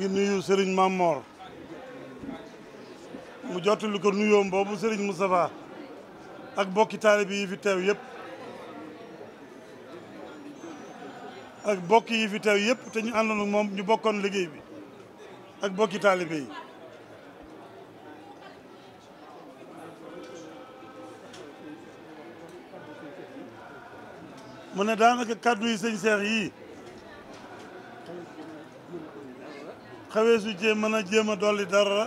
ngi nuyu Serigne Mamor mu jottali ko nuyoom boobu Serigne Moustapha ak bokki taalibe yi fi teew yëpp ak bokk yi fi teew yëpp te ñu àndoon ak moom ñu bokkoon liggéey bi ak bokki taalibe yi mu ne daanaka kàddu yi sëñ Seex yii xawee su jéem mën a jéem a dolli dara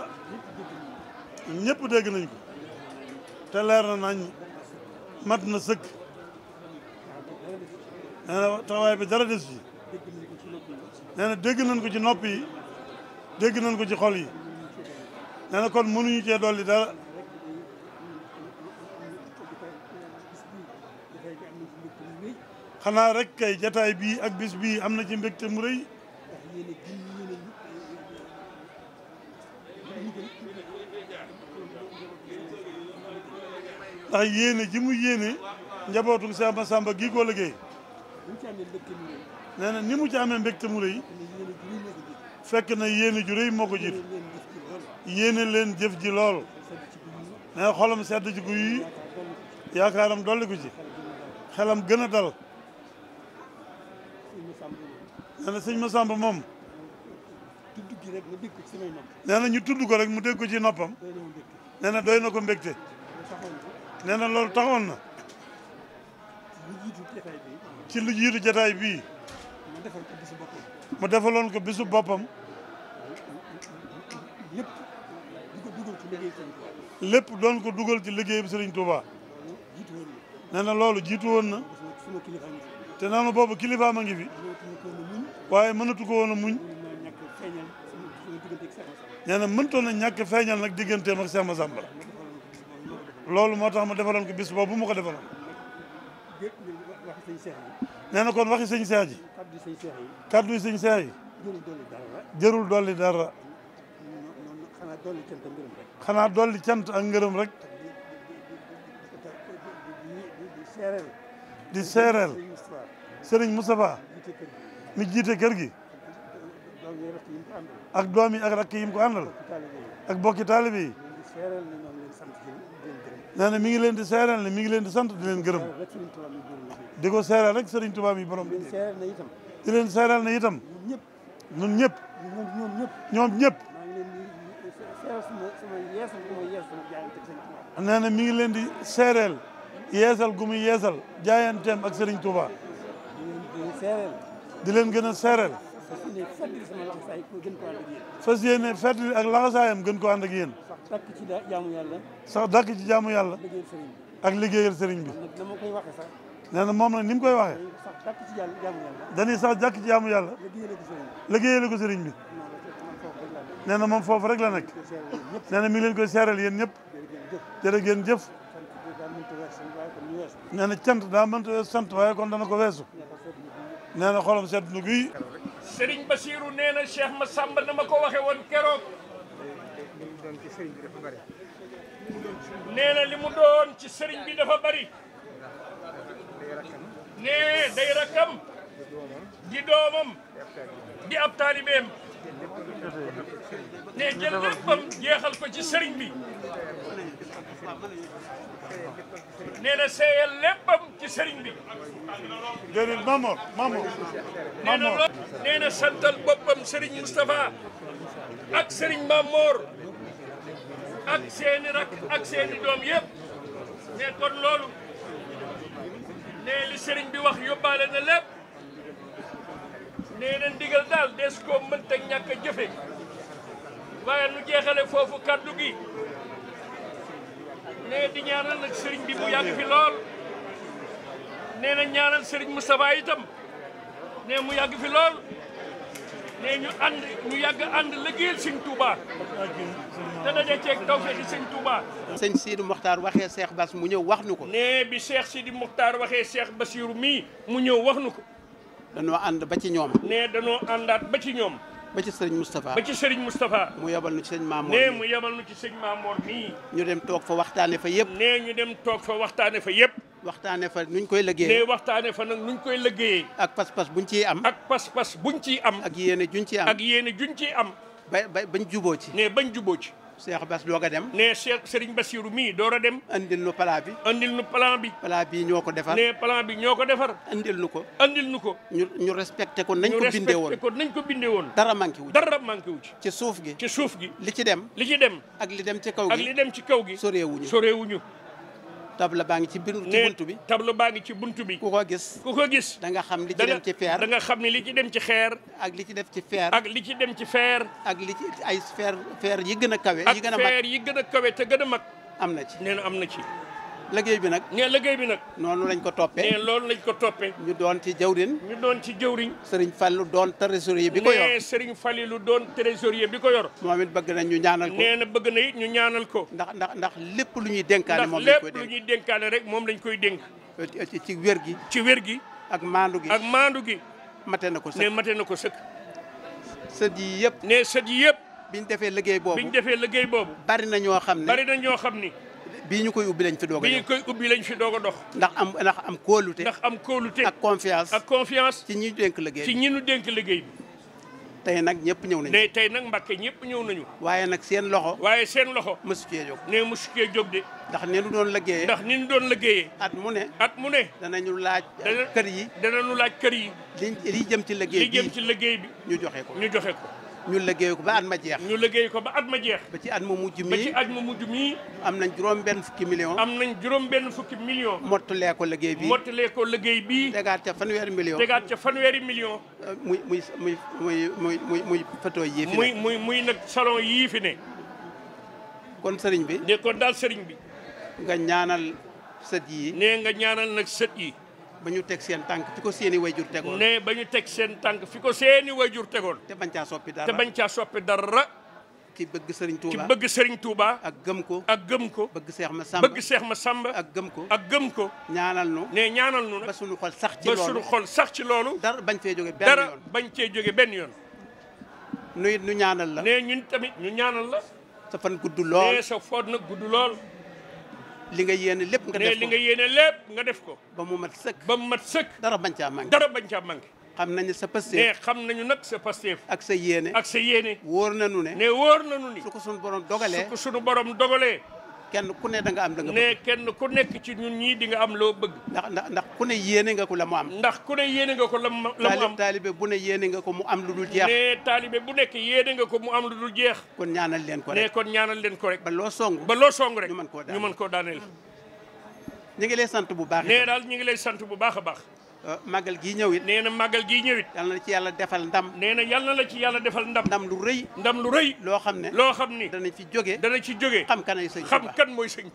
ñëpp dégg nañ ko te leer na nañ mat na sëkk nee na bi dara des yi nee dégg nañ ko ci nopp yi dégg nañ ko ci xol yi nee na kon mënuñu cee dolli dara xanaa rek kay jataay bii ak bis bii am na ci mbégte mu rëy ndax yéene ji mu yéene njabootu Seex Masamba gii ko liggéey nee na ni mu ci amee mu rëy fekk na yéene ju rëy moo ko jiitu yéene leen jëf ji lool nee na xolam sedd ji guy yaakaaram dolliku ci xelam gën a dal nee na sëñ Masamba moom nee na ñu tudd ko rek mu deg ko ci noppam nee doy na ko mbégte nena lol taxon na ci lu jitu jotaay bi mo defalon ko bisu boppam lepp don ko duggal ci liggey bi Serigne Touba nena lolou jitu won na te nanu bobu kilifa ma ngi fi waye mënatu ko wona muñ nena na mëntoon na ñàkk feeñal nag digganteem ak Cheikh Massamba loolu moo tax mu defaloon ko bis boobu bu mu ko defaloon. nee na kon waxi sëñ seex ji. kaddu yi sëñ seex yi. jërul dolli dara. xanaa dolli cant ak ngërëm rek. di seereel sëriñ Moustapha mi jiite kër gi ak doom yi ak rakk yi mu ko àndal ak bokki taalibe yi nee na mi ngi leen di seeral ne mi ngi leen di sant di leen gërëm di ko seeral rek Serigne Touba mi borom di leen seeral ne itam ñun ñëpp ñoom ñëpp nee na mi ngi leen di seereel yeesal gu muy yeesal jaayanteem ak Serigne Touba di leen gën a seereel fas yéene fàttali sama laxasaay ko gën ko ak laxasaayam gën ko ànd ak yéen. sax dàkk ci jaamu yàlla. yàlla. ak liggéeyal sëriñ bi. na ma koy waxee sax. na moom nag ni mu koy waxee. sax dàkk ci jaamu yàlla. dañuy sax dàkk ci jaamu yàlla. liggéeyal ko sëriñ bi. nee na moom foofu rek la nekk. nee na mi ngi leen koy seeral yéen ñëpp. jërë ngeen jëf. nee na cant daa mënta sant waaye kon dana ko weesu. nee na sedd na guy ba Bassirou nee na ma sàmba na ma ko waxe woon keroog. nee na li mu doon ci Serigne bi dafa bari. nee day rakkam. di doomam. di ab taalibeem. ne jël léppam jeexal ko ci Serigne bi. nee na seeyal léppam ci sëriñ bi. jërëjëf Mamor Mamor. nee na loo santal boppam Serigne Moustapha ak Serigne Mamor ak seeni rak ak seeni doom yëpp. nee kon loolu nee li sëriñ bi wax yóbbaale na lépp. nee na ndigal daal des koo mënta ñàkk a jëfe waaye nu jeexale foofu kaddu gi. nee di ñaanal nag sëriñ bi mu yàgg fi lool nee na ñaanal sëriñ Moustapha itam nee mu yàgg fi lool nee ñu ànd ñu yàgg ànd liggéeyal sëñ Touba te daje ceeg tawfeex sëñ Touba. sëñ Sidi Mokhtar waxee Cheikh Bass mu ñëw wax nu ko. nee bi Cheikh Sidi Mokhtar waxee Cheikh Bassirou mii mu ñëw wax nu ko. danoo ànd ba ci ñoom. nee danoo àndaat ba ci ñoom. ba ci sëriñ Moustapha ba ci sëriñ Moustapha mu yabal nu ci sëñ Maamoor nee ci sëñ Maamoor mii ñu dem toog fa waxtaane fa yëpp nee ñu dem toog fa waxtaane fa yëpp waxtaane fa nuñ koy liggéeyee nee waxtaane fa nag nuñ koy liggéeyee ak pas-pas buñ ci am ak pas-pas buñ ciy am ak yéene juñ ciy am ak yéene juñ ciy am ba bañ juboo ci nee bañ juboo ci Cheikh Bass doog a dem. ne Cheikh Serigne Bassirou mii door dem. andil nu plan bi. andil nu plan bi. plan bii ñoo ko defar. ne plan bi ñoo ko defar. andil nu ko. andil nu ko. ñu ñu respecté ko nañ ko bindee woon ñu respecté nañ ko bindee woon. dara manqué wu ci dara manqué wu ci. ci suuf gi ci suuf gi. li ci dem. li ci dem. ak li dem ci kaw gi ak li dem ci kaw gi. soreewuñu soreewuñu. tableau baa ngi ci biir ci buntu bi tableau baa ngi ci buntu bi ku ko gis ku ko gis da xam li ci dem ci feer da nga xam ne li ci dem ci xeer ak li ci def ci feer ak li ci dem ci feer ak li ci ay feer feer yi gën a kawe yi gën a feer yi gën a kawe te gën a mag am na ci nee am na ci liggéey bi nag ne liggéey bi nag noonu lañ ko toppee ne loolu lañ ko toppee ñu doon ci jawrin ñu doon ci jawriñ sëriñ Fallu doon trésorier bi ko yor ne sëriñ Fallu doon trésorier bi ko yor moom it bëgg na ñu ñaanal ko nee na bëgg na it ñu ñaanal ko ndax ndax ndax lépp lu ñuy dénkaane moom lañ koy dénk lépp lu ñuy dénkaane rek moom lañ koy dénk ci wér gi ci wér gi ak maandu gi ak maandu gi mate na ko sëkk ne mate na ko sëkk sët yi yëpp ne sët yi yëpp biñ defee liggéey boobu biñ defee liggéey boobu bari na ñoo xam ne bari na ñoo xam ni bii ñu koy ubbi lañ fi doog a dox ubbi lañ fi doog a dox. ndax am ndax am kóolute. ndax am kóolute ak confiance. ak confiance ci ñi ñu dénk liggéey ci ñi ñu dénk liggéey bi. tey nag ñëpp ñëw nañu. tey nag Mbàkke ñëpp ñëw nañu. waaye nag seen loxo. waaye seen loxo. mësu cee jóg nee mësu cee jóg de. ndax ni ñu doon liggéeyee. ndax ni ñu doon liggéeyee. at mu ne. at mu ne. ñu laaj. kër yi danañu laaj kër yi. li li jëm ci liggéey bi ci liggéey bi. ñu joxe ko ñu joxe ko. ñu liggéey ko ba at ma jeex. ñu liggéey ko ba at ma jeex. ba ci at mu mujj mii ba ci at mu mujj mii. am nañ juróom benn fukki million. am nañ juróom benn fukki million. mottalee ko liggéey bii mottalee ko liggéey bii. tegaat ca fanweeri million tegaat ca fanweeri million. Euh, muy muy muy muy muy muy photo yii fi ne. muy muy muy nag salon yii fi ne. kon sëriñ bi. ne kon daal sëriñ bi. nga ñaanal sët yi. nee nga ñaanal nag sët yi. ba ñu teg seen tànk fi ko seeni way jur ne ba ñu teg seen tànk fi ko seeni wayjur tegoon. te bañ caa soppi dara te bañ caa soppi dara. ki bëgg sëriñ Touba ki bëgg Serigne tuuba ak gëm ko ak gëm ko. bëgg Seex ma Samba bëgg ma Samba. ak gëm ko ak gëm ko. ñaanal nu ne ñaanal nu sax ci loolu sax ci loolu. dara bañ fee jóge benn bañ cee jóge benn yoon. nu it la. ne ñun tamit ñu ñaanal la. sa fan gudd lool foot nag gudd lool. li nga yéene lépp nga def ko li nga yéene lépp nga def ko. ba mu mat sëkk ba mu mat sëkk. dara bañ caa manqué dara bañ a manqué. xam nañu sa pasteef mais xam nañu nag sa pasteef. ak sa yéene ak sa yéene. wóor nañu ne. ne wóor nañu ni. su ko sunu borom dogalee su ko sunu borom dogalee. kenn ku ne da nga am da nga bëgg. ne kenn ku nekk ci ñun ñii di am loo bëgg. ndax ndax ndax ku ne yéene nga ko la mu am. ndax ku ne yéene nga ko la mu am. taalibe bu ne yéene nga ko mu am lu dul jeex. ne taalibe bu nekk yéene nga ko mu am lu dul jeex. kon ñaanal leen ko rek ne kon ñaanal leen ko ba loo song ba loo song rek ñu mën koo daaneel ñu mën koo daaneel. ñu ngi lay sant bu baax. ne daal ñu ngi lay sant bu baax a baax. Euh, màggal gii ñëw it nee na màggal gii ñëw it yal ci yàlla defal ndam nee na yal la ci yàlla defal ndam ndam lu rëy ndam lu rëy loo xam ne loo xam ni dana ci jóge dana ci jóge xam kan ay sëñ xam mooy sëñ